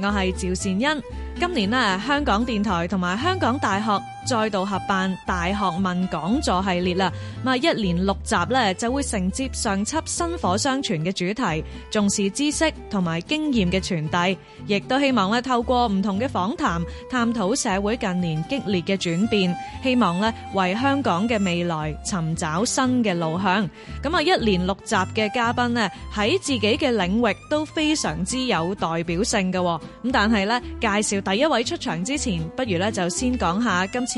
我係趙善恩，今年香港電台同埋香港大學，再度合辦大學問講座系列啦，咁啊，一連六集咧就會承接上輯薪火相傳嘅主題，重視知識同埋經驗嘅傳遞，亦都希望咧透過唔同嘅訪談，探討社會近年激烈嘅轉變，希望咧為香港嘅未來尋找新嘅路向。咁啊，一連六集嘅嘉賓咧喺自己嘅領域都非常之有代表性嘅，咁但係咧介紹第一位出場之前，不如咧就先講下今次。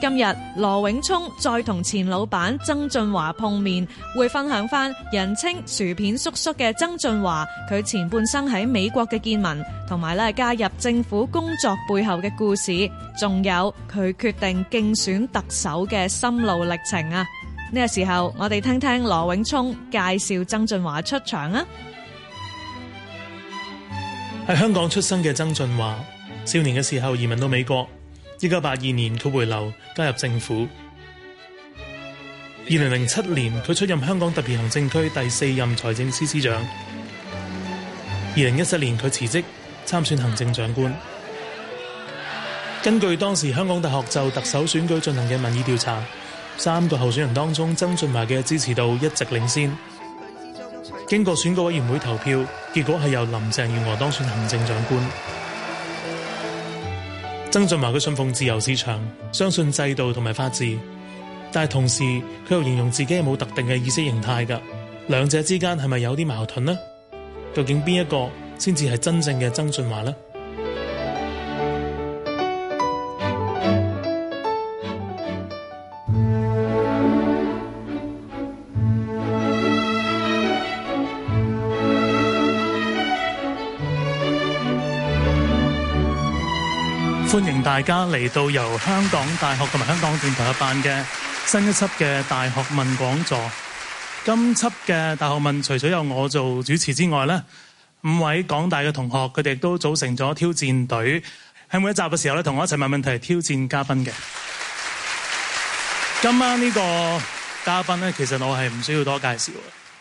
今日羅永聰再同前老闆曾俊華碰面，會分享翻人稱薯片叔叔嘅曾俊華佢前半生喺美國嘅見聞，同埋咧加入政府工作背後嘅故事，仲有佢決定競選特首嘅心路歷程啊！呢個時候，我哋聽聽羅永聰介紹曾俊華出場啊！喺香港出生嘅曾俊華，少年嘅時候移民到美國。一九八二年佢回流加入政府，二零零七年佢出任香港特別行政區第四任財政司司長，二零一七年佢辭職參選行政長官。根據當時香港大學就特首選舉進行嘅民意調查，三個候選人當中，曾俊華嘅支持度一直領先。經過選舉委員會投票，結果係由林鄭月娥當選行政長官。曾俊華佢信奉自由市場，相信制度同埋法治，但係同時佢又形容自己係冇特定嘅意識形態㗎，兩者之間係咪有啲矛盾呢？究竟邊一個先至係真正嘅曾俊華呢？歡迎大家嚟到由香港大學同埋香港電台合辦嘅新一輯嘅大學問講座。今輯嘅大學問除咗由我做主持之外呢，五位港大嘅同學佢哋都組成咗挑戰隊，喺每一集嘅時候咧，同我一齊問問題挑戰嘉賓嘅。今晚呢個嘉賓呢，其實我係唔需要多介紹，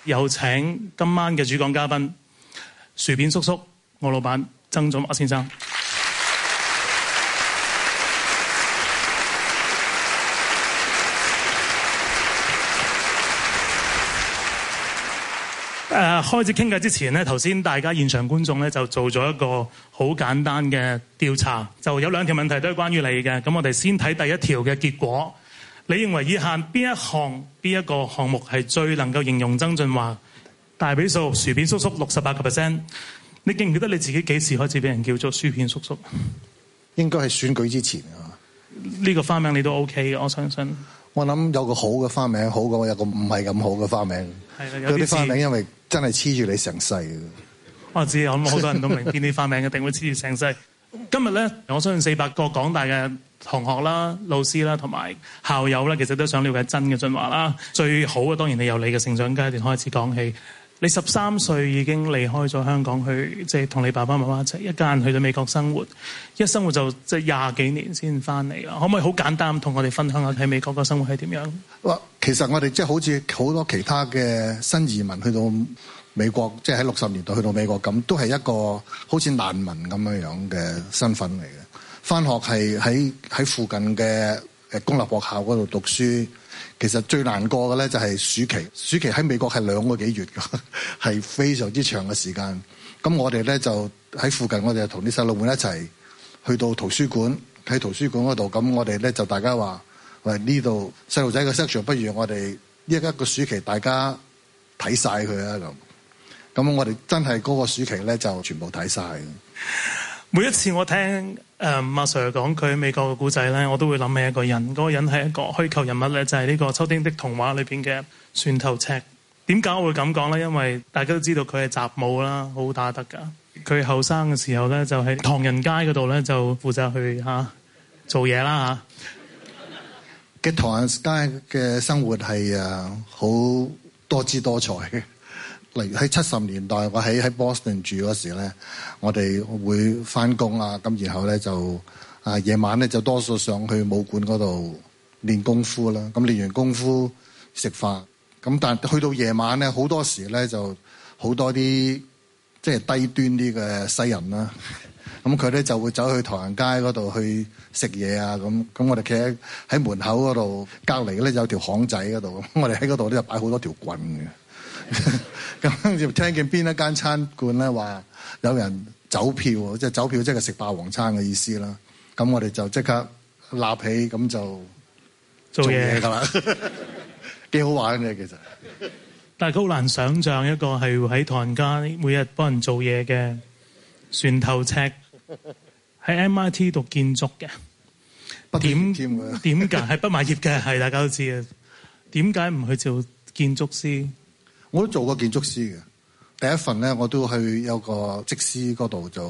有請今晚嘅主講嘉賓薯片叔叔，我老闆曾俊華先生。誒，開始傾偈之前呢，頭先大家現場觀眾咧就做咗一個好簡單嘅調查，就有兩條問題都係關於你嘅。咁我哋先睇第一條嘅結果。你認為以下邊一項，邊一個項目係最能夠形容曾俊華？大比數，薯片叔叔六十八個 percent。你記唔記得你自己幾時開始俾人叫做薯片叔叔？應該係選舉之前啊。呢個花名你都 OK 嘅，我相信。我諗有個好嘅花名，好嘅；有個唔係咁好嘅花名。係啦，有啲花名因為。真係黐住你成世嘅，我知我諗好多人都明，見你發名一定會黐住成世。今日咧，我相信四百個港大嘅同學啦、老師啦、同埋校友啦，其實都想了解真嘅俊華啦。最好嘅當然係由你嘅成長階段開始講起。你十三歲已經離開咗香港，去即係同你爸爸媽媽一齊一家人去到美國生活，一生活就即係廿幾年先返嚟喇！可唔可以好簡單同我哋分享下喺美國個生活係點樣？哇！其實我哋即係好似好多其他嘅新移民去到美國，即係喺六十年代去到美國咁，都係一個好似難民咁樣樣嘅身份嚟嘅。返學係喺喺附近嘅公立學校嗰度讀書。其實最難過嘅咧就係暑期，暑期喺美國係兩個幾月㗎，係非常之長嘅時間。咁我哋咧就喺附近，我哋就同啲細路妹一齊去到圖書館，喺圖書館嗰度，咁我哋咧就大家話：喂，呢度細路仔嘅 section 不如我哋呢一個暑期大家睇晒佢啊！咁，咁我哋真係嗰個暑期咧就全部睇晒。每一次我聽誒 Ma、嗯啊、Sir 講佢美國嘅故仔咧，我都會諗起一個人。嗰、那個人係一個虛構人物咧，就係、是、呢個《秋天的童話裡面的船頭》裏邊嘅船頭尺。點解我會咁講咧？因為大家都知道佢係習武啦，好打得㗎。佢後生嘅時候咧，就喺唐人街嗰度咧，就負責去嚇、啊、做嘢啦嚇。嘅唐人街嘅生活係誒好多姿多彩嘅。例如喺七十年代，我喺喺 Boston 住嗰時咧，我哋會翻工啊，咁然後咧就啊夜晚咧就多數上去武館嗰度練功夫啦。咁練完功夫食飯，咁但去到夜晚咧，好多時咧就好多啲即係低端啲嘅西人啦。咁佢咧就會走去唐人街嗰度去食嘢啊。咁咁我哋企喺喺門口嗰度，隔離咧有一條巷仔嗰度，咁我哋喺嗰度咧就擺好多條棍嘅。咁就 聽見邊一間餐館咧話有人走票，即係走票即係食霸王餐嘅意思啦。咁我哋就即刻立起咁就做嘢噶啦，幾事 好玩嘅其實。但係佢好難想象一個係喺唐人街每日幫人做嘢嘅船頭尺，喺 MIT 讀建築嘅，不點點解係不賣業嘅？係大家都知嘅。點解唔去做建築師？我都做過建築師嘅，第一份咧我都去有個職師嗰度就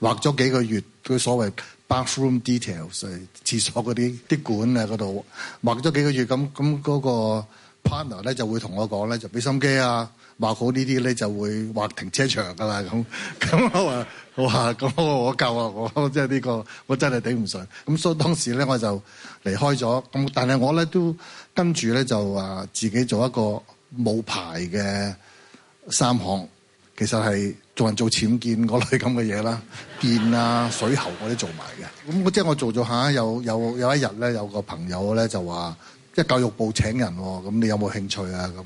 畫咗幾個月，佢所謂 bathroom details 係廁所嗰啲啲管啊嗰度畫咗幾個月，咁咁嗰個 partner 咧就會同我講咧，就俾心機啊，畫好呢啲咧就會畫停車場噶啦咁。咁我話哇咁我夠啊，我即係呢個我真係頂唔順。咁所以當時咧我就離開咗。咁但係我咧都跟住咧就啊自己做一個。冇牌嘅三行，其實係做人做僭建嗰類咁嘅嘢啦，建啊水喉嗰啲做埋嘅。咁即係我做咗下，有有有一日咧，有個朋友咧就話，即係教育部請人，咁你有冇興趣啊？咁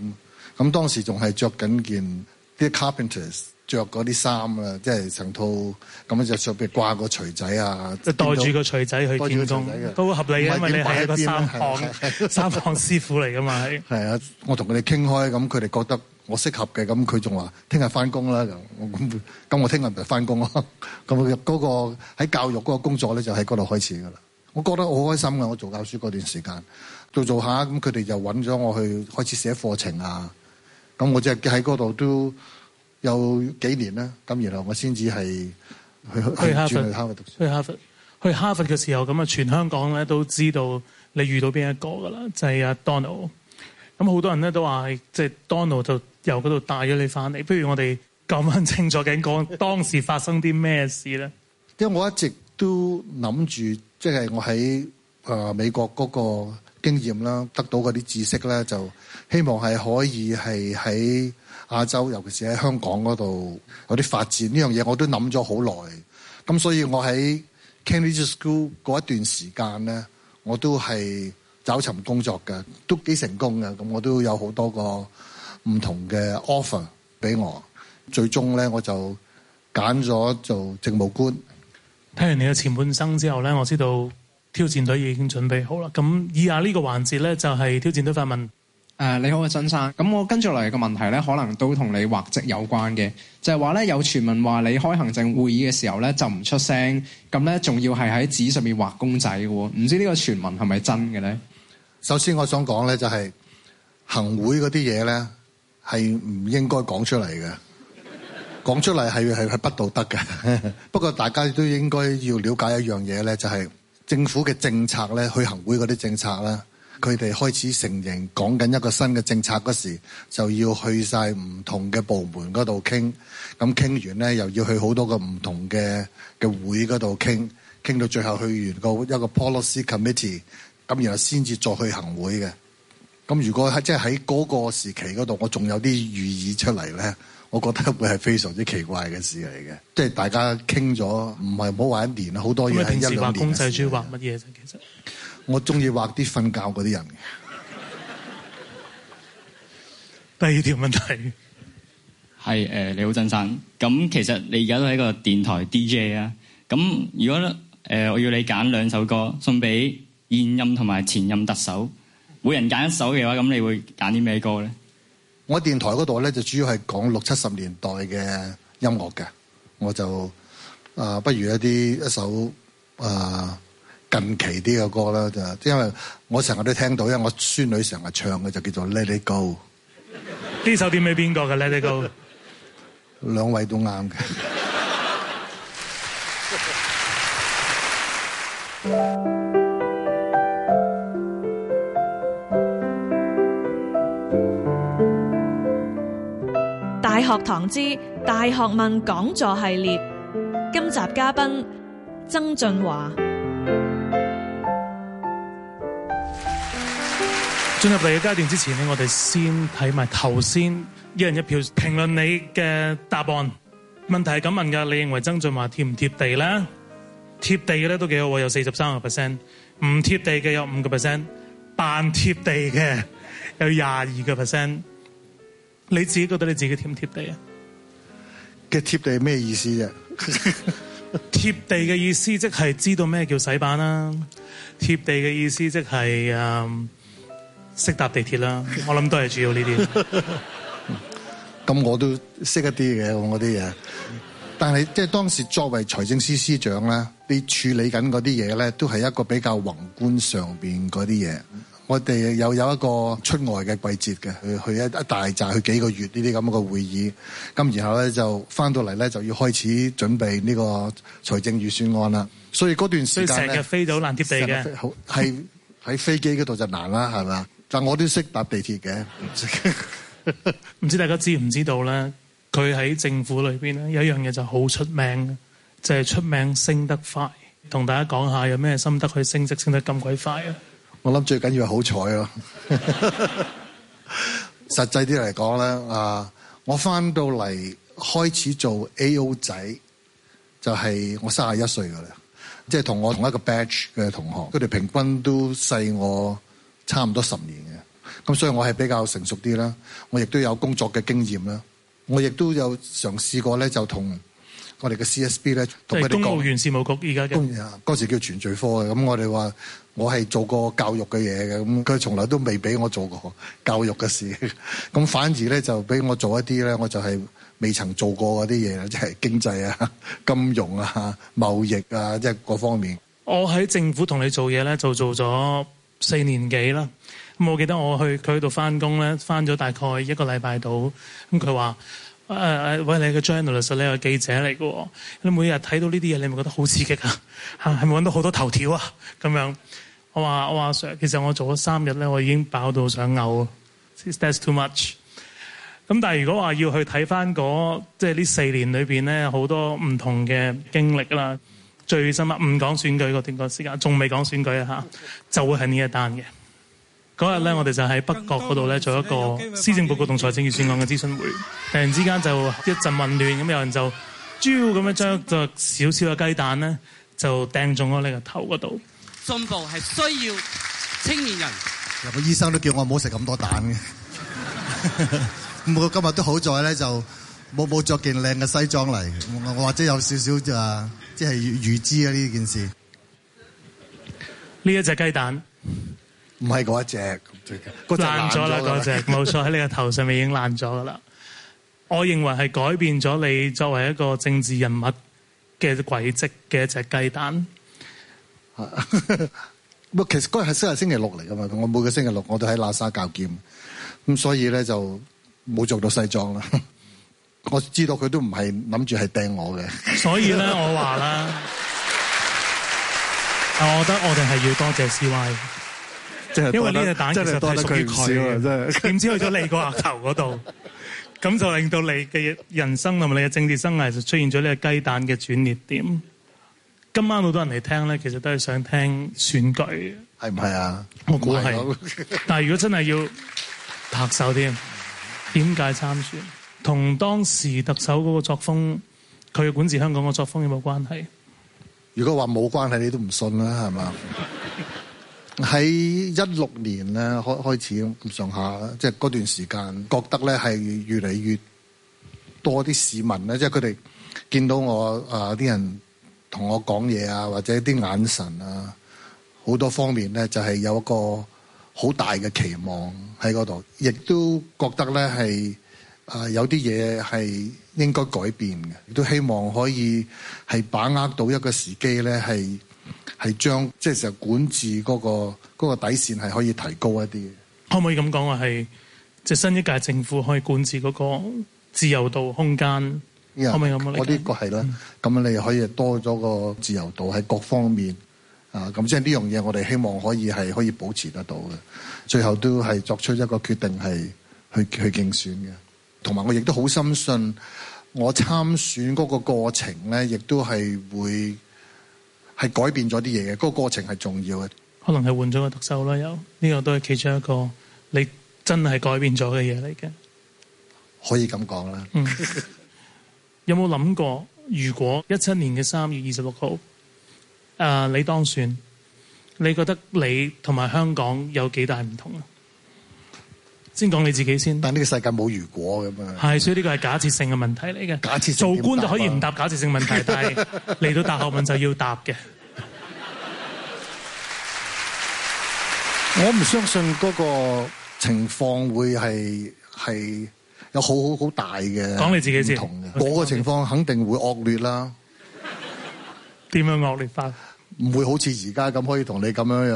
咁當時仲係着緊件。啲 carpenters 着嗰啲衫啊，即係成套咁就上邊掛個錘仔啊，即係袋住個錘仔去見工個仔都合理嘅，擺因為你係個三行，三行師傅嚟噶嘛係。啊，我同佢哋傾開，咁佢哋覺得我適合嘅，咁佢仲話聽日翻工啦。咁咁我聽日咪翻工咯。咁嗰、嗰個喺教育嗰個工作咧，就喺嗰度開始噶啦。我覺得我好開心嘅，我做教書嗰段時間做做下，咁佢哋就揾咗我去開始寫課程啊。咁我即係喺嗰度都有幾年啦。咁然後我先至係去去去哈佛去哈佛，去哈佛，去哈佛嘅時候，咁啊全香港咧都知道你遇到邊一個噶啦，就係、是、阿 Donald。咁好多人咧都話，即、就、係、是、Donald 就由嗰度帶咗你翻嚟。不如我哋咁樣清楚嘅，講 當時發生啲咩事咧？因為我一直都諗住，即、就、係、是、我喺美國嗰、那個。經驗啦，得到嗰啲知識咧，就希望係可以係喺亞洲，尤其是喺香港嗰度有啲發展。呢樣嘢我都諗咗好耐。咁所以我喺 Cambridge School 嗰一段時間咧，我都係找尋工作嘅，都幾成功嘅。咁我都有好多個唔同嘅 offer 俾我。最終咧，我就揀咗做政務官。聽完你嘅前半生之後咧，我知道。挑戰隊已經準備好啦，咁以下這個環節呢個環節咧就係、是、挑戰隊發問。誒、啊，你好啊，曾生，咁我跟住落嚟個問題咧，可能都同你畫職有關嘅，就係話咧，有傳聞話你開行政會議嘅時候咧就唔出聲，咁咧仲要係喺紙上面畫公仔嘅喎，唔知道這個傳聞是是呢個傳聞係咪真嘅咧？首先我想講咧就係、是、行會嗰啲嘢咧係唔應該講出嚟嘅，講 出嚟係係係不道德嘅。 不過大家都應該要了解一樣嘢咧，就係、是。政府嘅政策咧，去行會嗰啲政策呢，佢哋開始承認講緊一個新嘅政策嗰時，就要去晒唔同嘅部門嗰度傾，咁傾完咧，又要去好多個唔同嘅嘅會嗰度傾，傾到最後去完個一個 policy committee，咁然後先至再去行會嘅。咁如果即係喺嗰個時期嗰度，我仲有啲寓意出嚟咧，我覺得會係非常之奇怪嘅事嚟嘅。即係大家傾咗，唔係冇話一年好多嘢係一年。咁你平時畫公仔主要畫乜嘢啫？其實我中意畫啲瞓覺嗰啲人。 第二條問題係、呃、你好，曾生。咁其實你而家都喺個電台 DJ 啊。咁如果誒、呃、我要你揀兩首歌送俾現任同埋前任特首。每人揀一首嘅話，咁你會揀啲咩歌咧？我電台嗰度咧就主要係講六七十年代嘅音樂嘅，我就啊不如一啲一首啊近期啲嘅歌啦，就因為我成日都聽到，因為我孫女成日唱嘅就叫做 Let It Go，呢首點係邊個嘅 Let It Go？兩位都啱嘅。 大學堂之大學問講座系列，今集嘉賓曾俊華。進入第二階段之前咧，我哋先睇埋頭先，一人一票評論你嘅答案。問題係咁問㗎，你認為曾俊華貼唔貼地咧？貼地嘅都幾好喎，有四十三個 percent，唔貼地嘅有五個 percent，扮貼地嘅有廿二個 percent。你自己覺得你自己貼唔貼地啊？嘅貼地係咩意思啫 貼地嘅意思即係知道咩叫洗板啦。貼地嘅意思即係誒識搭地鐵啦。我諗都係主要呢啲。咁 我都識一啲嘅我啲嘢，但係即係當時作為財政司司長咧，你處理緊嗰啲嘢咧，都係一個比較宏觀上面嗰啲嘢。我哋又有一個出外嘅季節嘅，去去一一大站去幾個月呢啲咁嘅會議，咁然後咧就翻到嚟咧就要開始準備呢個財政預算案啦。所以嗰段時間成日飛到難貼地嘅，係喺飛機嗰度就難啦，係咪？但我都識搭地鐵嘅，唔 知大家知唔知道咧？佢喺政府裏邊咧有一樣嘢就好出名，就係、是、出名升得快。同大家講下有咩心得去升職升得咁鬼快啊！我諗最緊要係好彩咯。 實際啲嚟講咧，啊，我翻到嚟開始做 A.O. 仔，就係、是、我三十一歲噶啦，即係同我同一個 batch 嘅同學，佢哋平均都細我差唔多十年嘅。咁所以我係比較成熟啲啦，我亦都有工作嘅經驗啦，我亦都有嘗試過咧，就同我哋嘅 C.S.B. 咧，同佢哋講。即係公務員事務局而家嘅。嗰時叫全聚科嘅，咁我哋話。我係做過教育嘅嘢嘅，咁佢從來都未俾我做過教育嘅事，咁反而咧就俾我做一啲咧，我就係未曾做過嗰啲嘢啦，即係經濟啊、金融啊、貿易啊，即係各方面。我喺政府同你做嘢咧，就做咗四年幾啦。咁我記得我去佢度翻工咧，翻咗大概一個禮拜度。咁佢話：喂，你係個 journalist 你係記者嚟嘅。你每日睇到呢啲嘢，你咪覺得好刺激啊？嚇，係咪揾到好多頭條啊？咁樣。我話我話 Sir，其實我做咗三日咧，我已經飽到想嘔。That's too much。咁但係如果話要去睇翻嗰，即係呢四年裏邊咧，好多唔同嘅經歷啦。最深刻唔講選舉個段個時間，仲未講選舉啊吓，錯就會係、哦、呢一單嘅。嗰日咧，我哋就喺北角嗰度咧做一個施政報告同財政預算案嘅諮詢會，嗯、突然之間就一陣混亂，咁有人就豬咁樣將個少少嘅雞蛋咧就掟中咗你個頭嗰度。進步係需要青年人。有個醫生都叫我唔好食咁多蛋嘅。咁 我今日都好在咧，就冇冇着件靚嘅西裝嚟，我或者有少少就即係預預知啊呢件事。呢一隻雞蛋唔係嗰一隻，爛咗啦！爛咗，嗰隻，冇錯，喺 你個頭上面已經爛咗噶啦。我認為係改變咗你作為一個政治人物嘅軌跡嘅一隻雞蛋。不過， 其實嗰日係星期六嚟噶嘛？我每個星期六我都喺喇沙教劍，咁所以咧就冇着到西裝啦。我知道佢都唔係諗住係掟我嘅。所以咧，我話啦，我覺得我哋係要多謝 CY，因為呢隻蛋其實係屬於佢嘅。點知道去咗你個額頭嗰度，咁 就令到你嘅人生同埋你嘅政治生涯就出現咗呢個雞蛋嘅轉捩點。今晚好多人嚟聽咧，其實都係想聽選舉，係唔係啊？我估係，是啊、 但係如果真係要拍手添，點解參選？同當時特首嗰個作風，佢管治香港嘅作風有冇關係？如果話冇關係，你都唔信啦，係嘛？喺一六年咧，開開始咁上下，即係嗰段時間，覺得咧係越嚟越多啲市民咧，即係佢哋見到我啊啲、呃、人。同我講嘢啊，或者啲眼神啊，好多方面呢，就係有一個好大嘅期望喺嗰度，亦都覺得呢，係啊，有啲嘢係應該改變嘅，亦都希望可以係把握到一個時機呢，係係將即係管治嗰個嗰個底線係可以提高一啲。可唔可以咁講話係即係新一屆政府可以管治嗰個自由度空間？我明咁啊。我呢個係啦。咁、嗯、你可以多咗個自由度喺各方面啊。咁即係呢樣嘢，我哋希望可以係可以保持得到嘅。最後都係作出一個決定，係去去競選嘅。同埋我亦都好深信，我參選嗰個過程咧，亦都係會係改變咗啲嘢嘅。嗰、嗰個過程係重要嘅。可能係換咗個特首啦，又呢、呢個都係其中一個你真係改變咗嘅嘢嚟嘅。可以咁講啦。嗯 有冇諗過，如果一七年嘅三月二十六號，誒你當選，你覺得你同埋香港有幾大唔同？先講你自己先。但呢個世界冇如果咁樣。係，所以呢個係假設性嘅問題嚟嘅。假設性。做官就可以唔答假設性問題， 但係嚟到大學問就要答嘅。 我唔相信嗰個情況會係係。是有好好好大嘅講你自己知唔同嘅，我嘅 Okay, 情況肯定會惡劣啦。點樣惡劣法？唔會好似而家咁可以同你咁樣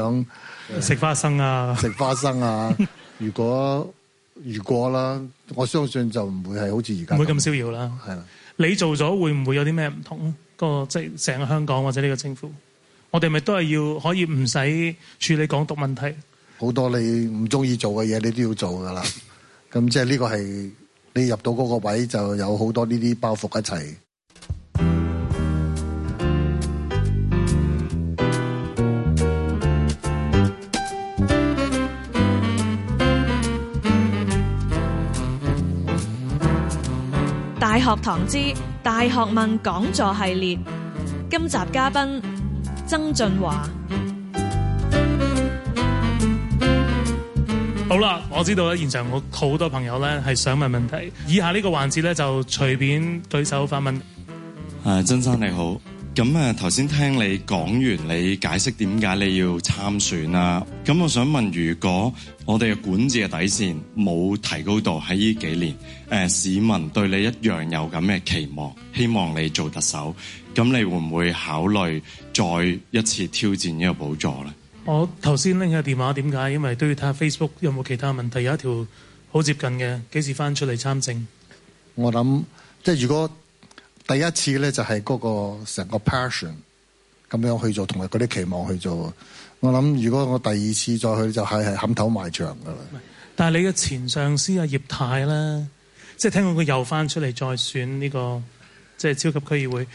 樣食花生啊！食花生啊！ 如果如果啦，我相信就唔會係好似而家，唔會咁逍遙啦。係啦的，你做咗會唔會有啲咩唔同？個即係成個香港或者呢個政府，我哋咪都係要可以唔使處理港獨問題。好多你唔中意做嘅嘢，你都要做噶啦。咁即係呢個係。你入到嗰個位，就有好多呢啲包袱一齊。大學堂之大學問講座系列，今集嘉賓曾俊華。好啦，我知道咧，現場我好多朋友咧係想問問題，以下呢個環節咧就隨便舉手發問。誒、啊，曾生你好，咁啊，頭先聽你講完，你解釋點解你要參選啦、啊？咁我想問，如果我哋嘅管治嘅底綫冇提高到喺呢幾年，誒、啊，市民對你一樣有咁嘅期望，希望你做特首，咁你會唔會考慮再一次挑戰呢個寶座咧？我頭先拎下電話，點解？因為都要睇下 Facebook 有冇其他問題。有一條好接近嘅，幾時翻出嚟參政？我諗即係如果第一次咧、那個，就係嗰個成個 passion 咁樣去做，同埋嗰啲期望去做。我諗如果我第二次再去，就係係冚頭埋場噶啦。但係你嘅前上司啊葉太咧，即係聽講佢又翻出嚟再選呢、這個，即係超級區議會。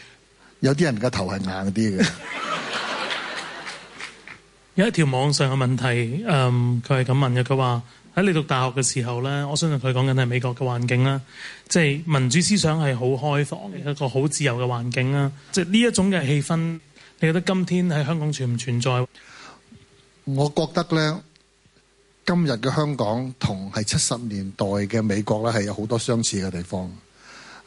有啲人嘅頭係硬啲嘅。 有一條網上嘅問題，嗯，佢係咁問嘅，佢話喺你讀大學嘅時候呢，我相信佢講緊係美國嘅環境啦，即係民主思想係好開放嘅一個好自由嘅環境啦，即係呢一種嘅氣氛，你覺得今天喺香港存唔存在？我覺得呢，今日嘅香港同係七十年代嘅美國呢，係有好多相似嘅地方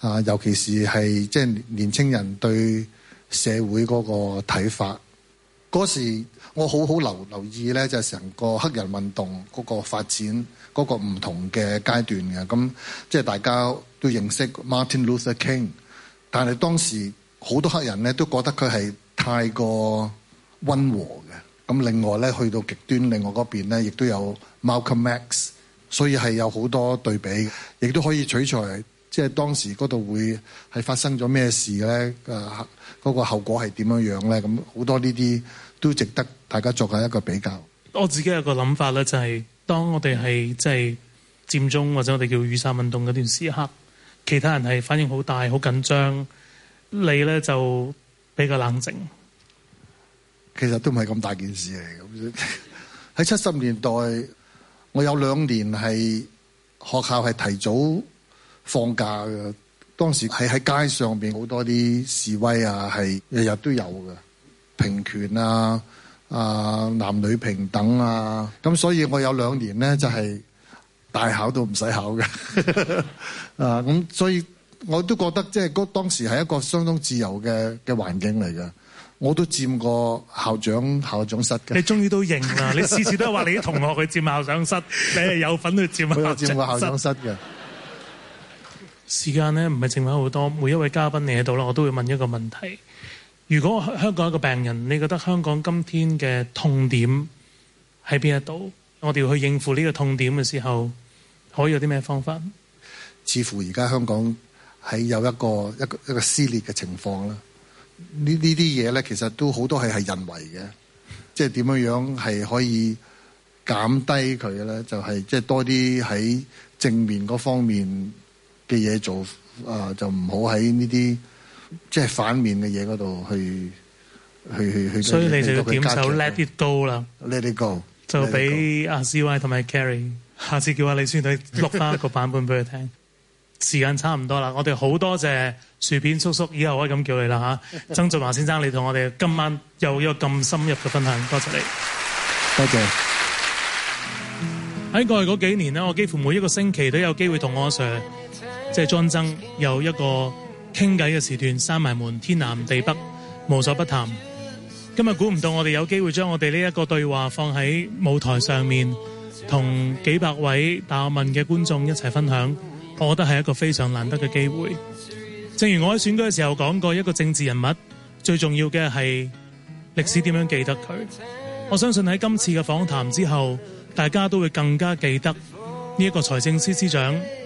啊，尤其是係即係年輕人對社會嗰個睇法。嗰時我好好留留意呢，就成個黑人運動嗰個發展，嗰個唔同嘅階段嘅，咁即係大家都認識 Martin Luther King，但係當時好多黑人呢都覺得佢係太過溫和嘅。咁另外呢，去到極端，另外嗰邊呢亦都有 Malcolm X，所以係有好多對比，亦都可以取材。即係當時嗰度會係發生咗咩事咧？誒，嗰個後果係點樣樣咧？咁好多呢啲都值得大家作下一個比較。我自己有個諗法咧，就係當我哋係即係佔中或者我哋叫雨傘運動嗰段時刻，其他人係反應好大、好緊張，你咧就比較冷靜。其實都唔係咁大件事嚟嘅。喺七十年代，我有兩年係學校係提早放假嘅，當時喺喺街上邊好多啲示威啊，係日日都有嘅，平權啊，啊男女平等啊，咁所以我有兩年咧就係大考都唔使考嘅， 啊咁所以我都覺得即係嗰當時係一個相當自由嘅嘅環境嚟嘅，我都佔過校長校長室嘅。你終於都認啦，你次次都係話你啲同學去佔校長室， 你係有份去佔。我佔過校長室嘅。 時間呢，唔係剩翻好多，每一位嘉賓嚟喺度啦，我都會問一個問題：如果香港一個病人，你覺得香港今天嘅痛點喺邊一度？我哋要去應付呢個痛點嘅時候，可以有啲咩方法？似乎而家香港係有一個一個一個撕裂嘅情況啦。呢呢啲嘢呢，其實都好多係係人為嘅，即係點樣樣係可以減低佢嘅呢？就係、係、即係多啲喺正面嗰方面。嘅嘢做啊，就唔好喺呢啲即係反面嘅嘢嗰度去去去去。去去去，所以你就要點手 Let it go 啦，Let it go，就俾阿 C Y 同埋 Carrie，下次叫阿李宣隊錄翻一個版本俾佢聽。 時間差唔多啦，我哋好多謝薯片叔叔，以後可以咁叫你啦嚇。 曾俊華先生，你同我哋今晚又一個咁深入嘅分享，多謝，謝你。多謝，謝。喺過去嗰幾年呢，我幾乎每一個星期都有機會同我阿 Sir。即係莊爭有一個傾偈嘅時段，閂埋門，天南地北，無所不談。今日估唔到我哋有機會將我哋呢一個對話放喺舞台上面，同幾百位大學問嘅觀眾一齊分享，我覺得係一個非常難得嘅機會。正如我喺選舉嘅時候講過，一個政治人物最重要嘅係歷史點樣記得佢。我相信喺今次嘅訪談之後，大家都會更加記得呢一個財政司司長。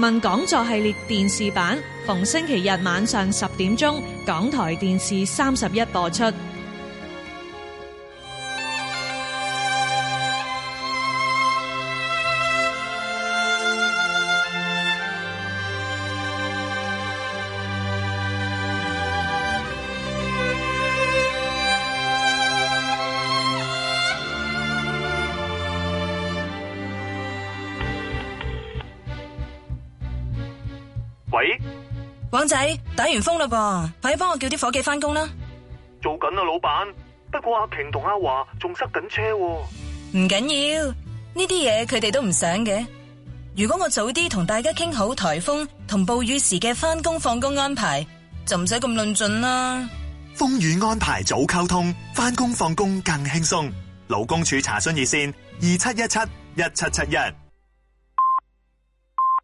問講座系列電視版，逢星期日晚上十點鐘，港台電視三十一播出。王仔，打完風嘞噃，快啲幫我叫啲伙計翻工啦！做緊啊，老闆。不過阿瓊同阿華仲塞緊車喎，唔緊要。呢啲嘢佢哋都唔想嘅。如果我早啲同大家傾好台風同暴雨時嘅翻工放工安排，就唔使咁論盡啦。風雨安排早溝通，翻工放工更輕鬆。勞工處查詢熱線：二七一七一七七一。